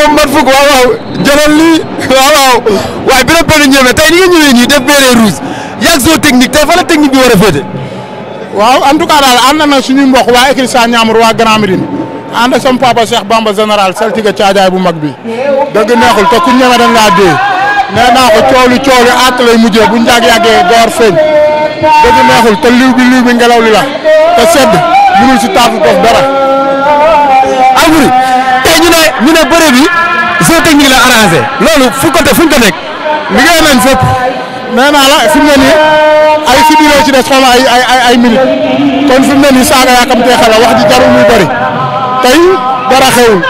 boobu man fukk waaw waaw jëlal lii waaw waaw waaye bi la benn ñëwee tey ni nga ñëwee nii def béeree rouge yàgg soo technique tey fa la technique bi war a féete. waaw en tout cas daal ànd na suñuy mbokk waa écrit sa ñaamur waa Grand Médine ànd ak sama papa Cheikh Bamba général saltige caajaay bu mag bi dëgg neexul te ku ñeme da ngaa dee nee naa ko coow li coow li àtt lay mujjee bu njàgg yàggee door feeñ neexul te liw bi liw bi ngelaw li la te sedd mënul si taafu kof dara. Alboury ñu ne bëre bi zootechnique la arrangé loolu fu côté fu ñu ko nekk. liggéey nañ fépp nee naa la fi mu ay fi biiroo ci des xaw ay ay ay minutes kon fi mu ne saaga yaakamtee xala wax ji jarul bëri tey dara xewul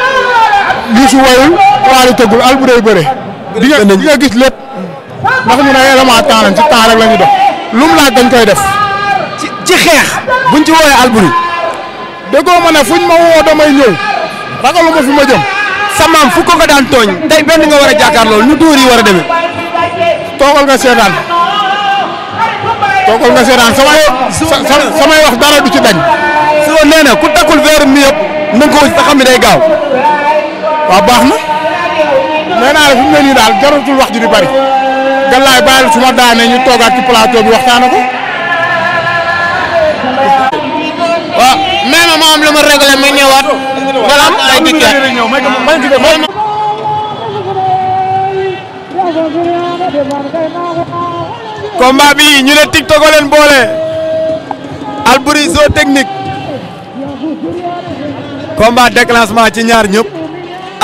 li su wayul waalu tëggul al bu day di nga di gis lépp ndax ñu ne élément temps lañ ci temps rek la ñu dox lu mu laaj koy def. ci ci xeex buñ ci woowee alburi. déggoo ma ne fuñ ma woo damay ñëw ragaluma fi ma jëm. sa maam fu ko ko daan tooñ tey benn nga war a jàkkaarloo ñu dóor yi war a demee. toogal nga seetaan toogal nga seetaan samay wax dara ci dañ. soo nee ku takkul verre mi yëpp na nga ko wut xam day gaaw waaw baax na. nee naa la fi mu ne nii daal jarutul wax ji di bari. Galaye bàyyil su daanee ñu toogaat ci plateau bi waxtaana ko. waaw même moom lu mu réglé mu ñëwaat. lay bi ñu ne TikTok leen boole Alboury zoo technique combat déclenchement ci ñaar ñëpp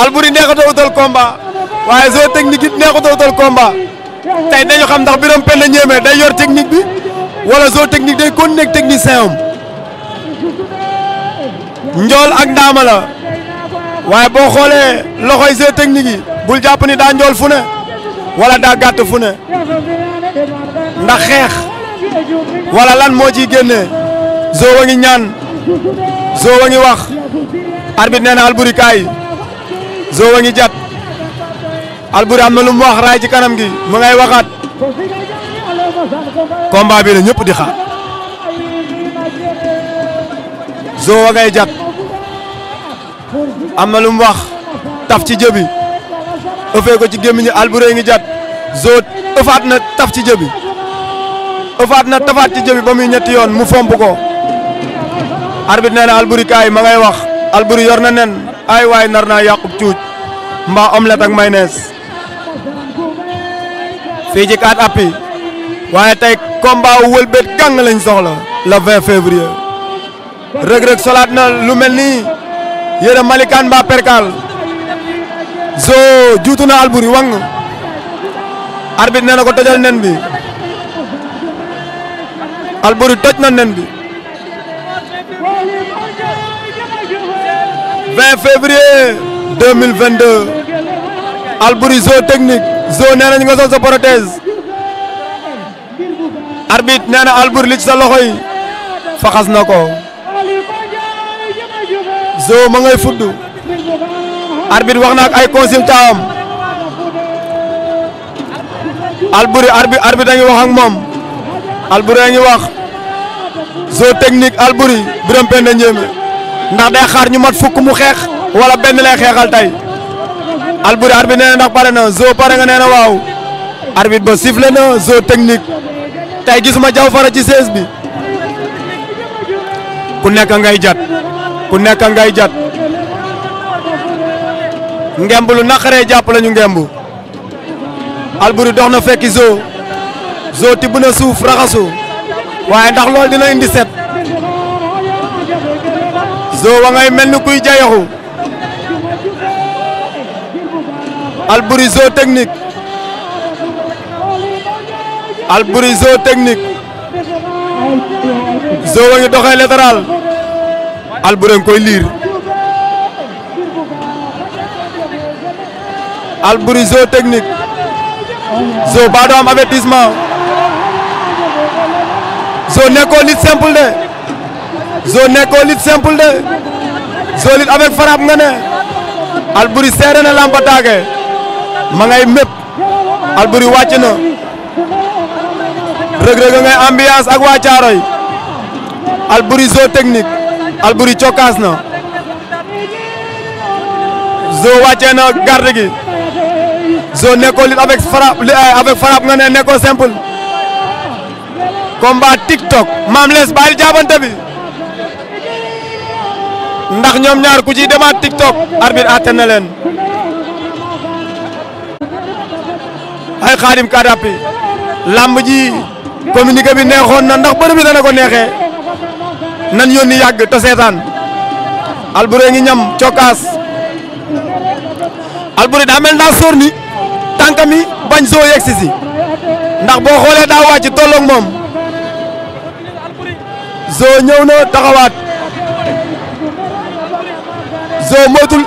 Alboury neexatoo utal combat waaye zoo technique it neexatoo utal combat tey dañu xam ndax Birame Penda Ndiémé day yor technique bi wala zoo technique day continuer technicien am njool ak ndaama waaye boo xoolee loxoy Jeux Techniques yi bul jàpp ni daa njool fu ne walla daa gàtt fu ne ndax xeex wala lan moo ciy génne Zo wa ngi ñaan Zo wa ngi wax arbitre nee na Alboury kaay Zo wa ngi jat Alboury am na wax raay ci kanam gi mu ngay waxaat combat bi la ñëpp di xaar Zo wa ngay jat am na lu mu wax taf ci jëbi ëffee ko ci gémmiñu Alboury ngi jat Zot ëffaat na taf ci jëbi ëffaat na tafaat ci jëbi ba muy ñetti yoon mu fomp ko arbitre nee na Alboury kaay ma ngay wax Alboury yor na nen ay waay nar naa yàqub cuuj mbaa omelette ak mayonnaise fii ci kaat appi waaye tey combat wu wëlbét kàng lañ soxla le 20 février Reug Reug solaat na lu mel nii yéen a Malikaan mbaa perkaal Zo juutu na Alboury wang arbitre nee na ko tojal nen bi Alboury toj na nen bi 20 février 2022 Alboury Zo technique Zo nee nañ nga sol sa prothèse arbitre nee na Alboury sa loxo yi faxas na ko Zo ma ngay fudd arbitre wax na ay consultant am Alboury arbitre arbitre a ngi wax ak moom Alboury a wax Zo technique Alboury Birame Penda Ndiémé ndax day xaar ñu mat fukk mu xeex wala benn lay xeexal tey Alboury arbitre nee na ndax pare na Zo pare nga nee na waaw arbitre ba sifflé na Zo technique tey gisuma jaw fara ci 16 bi ku nekk ngay jat ku nekk ngay jat ngemb lu naqaree jàpp lañu ngemb Alboury dox na fekki zoo zoo tibb na suuf raxasu waaye ndax loolu dina indi set zoo wa ngay mel ni kuy jayaxu Alboury zoo technique Alboury wa ngi doxee latéral Alboury koy liir Alboury zo technique zo ba do am avertissement nekkoo lit simple de zo nekkoo lit simple de zo lit avec frappe nga ne Alboury seere na lambataage ma ngay mépp Alboury wàcc na rëg-rëg ngay ambiance ak waa Caaroy Alboury Alboury cokkaas na Zo wàccee na garde gi Zo nekkoo lutte eh, avec frappe avec nga ne nekkoo simple combat TikTok Mame Less bàyyi jaabante bi ndax ñoom ñaar ku ci demaat TikTok arbitre àtte na leen ay Xaadim Kadapi lamb ji communiqué bi neexoon na ndax bërëb ko neexee nan yónni yàgg te seetaan Alboury ngi ñam cokaas Alboury daa mel daa sóor ni bañ soo yegsi ndax boo xoolee daa wàcc tolloog moom zoo ñëw na taxawaat zoo moytul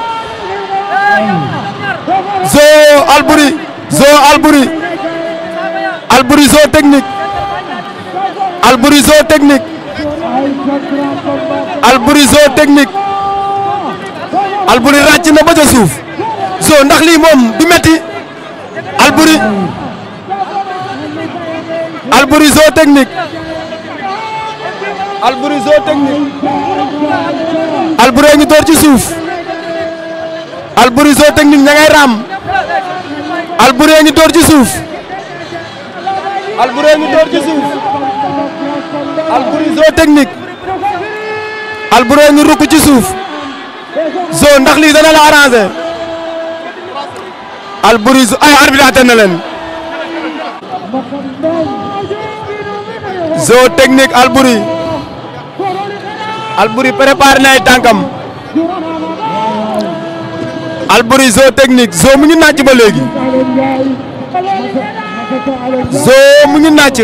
zoo Alboury zoo Alboury Alboury zoo technique Alboury zoo technique Alboury Zo technique Alboury ràcc na ba ca suuf Zo ndax lii moom du metti Alboury Alboury Zo technique Alboury Zo technique Alboury a door ci suuf Alboury Zo technique ña ngay raam Alboury a door ci suuf Alboury a door ci suuf Alboury Zo technique Alboury ngi rukk ci suuf Zo ndax lii dana la arrangé Alboury Zo ay arbitre atte na leen Zo technique Alboury Alboury préparé na ay tànkam Alboury Zo technique Zo mu ngi nàcc ba léegi Zo mu ngi nàcc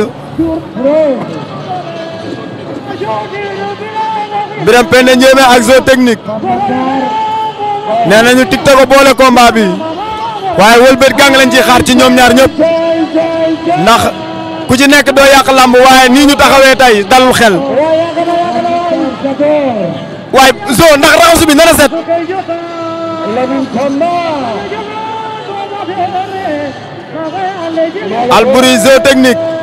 Birame Penda Ndiémé ak Zo Technique nee nañu TikTok boole combat bi waaye wëlbët gang lañ ciy xaar ci ñoom ñaar ñëpp ndax ku ci nekk doo yàq làmb waaye nii ñu taxawee tey dalul xel waaye Zo ndax raxasu bi nana set. Alboury Zo Technique.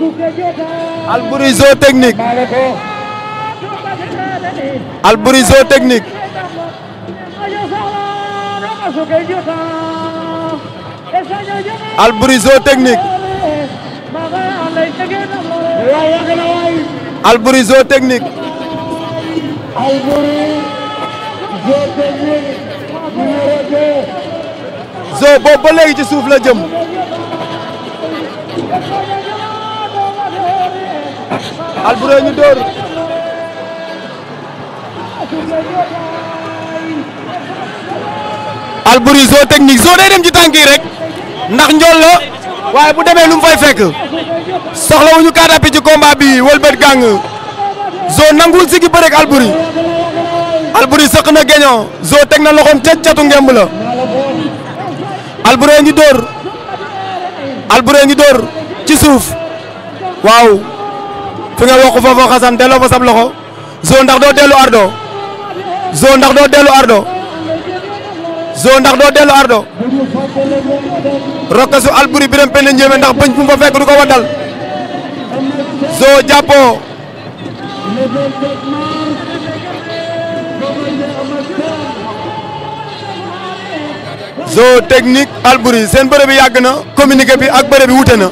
Alboury Zo Technique Alboury Zo Technique Alboury Zo Technique Alboury Zo ci suuf la jëm Alboury ñu dóor Alboury Zo technique Zo day ci tànk rek ndax njool la waaye bu demee lu mu fay fekk soxlawuñu ci combat bi wëlbët gàng Zo nanguwul sigi bëre ak Alboury Alboury na geño Zo teg na loxoom ca catu ngi dóor Alboury ngi dóor ci suuf waaw fu nga wax foofu xasan delloo fa sab loxo zo ndax doo dellu ardo zo ndax doo dellu ardo zo ndax doo dellu ardo rokkasu Alboury Birame Penda Ndiémé ndax bëñ fu fa fekk du ko waddal zo jàppoo zo technique Alboury seen bëre bi yàgg na communiqué bi ak bëre wute na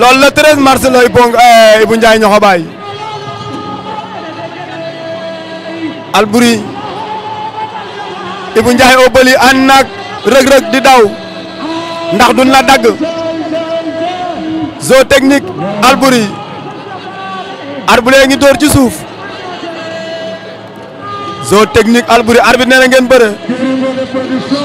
loolu le 13 mars lay bong eh, Ibou Ndiaye ñoxo baay Alboury Ibou Ndiaye Obali ànd naag rëg-rëg di daw ndax duñ la dagg zoo technique Alboury arbitre ngi dóor ci suuf zoo technique Alboury arbitre nee na ngeen bëre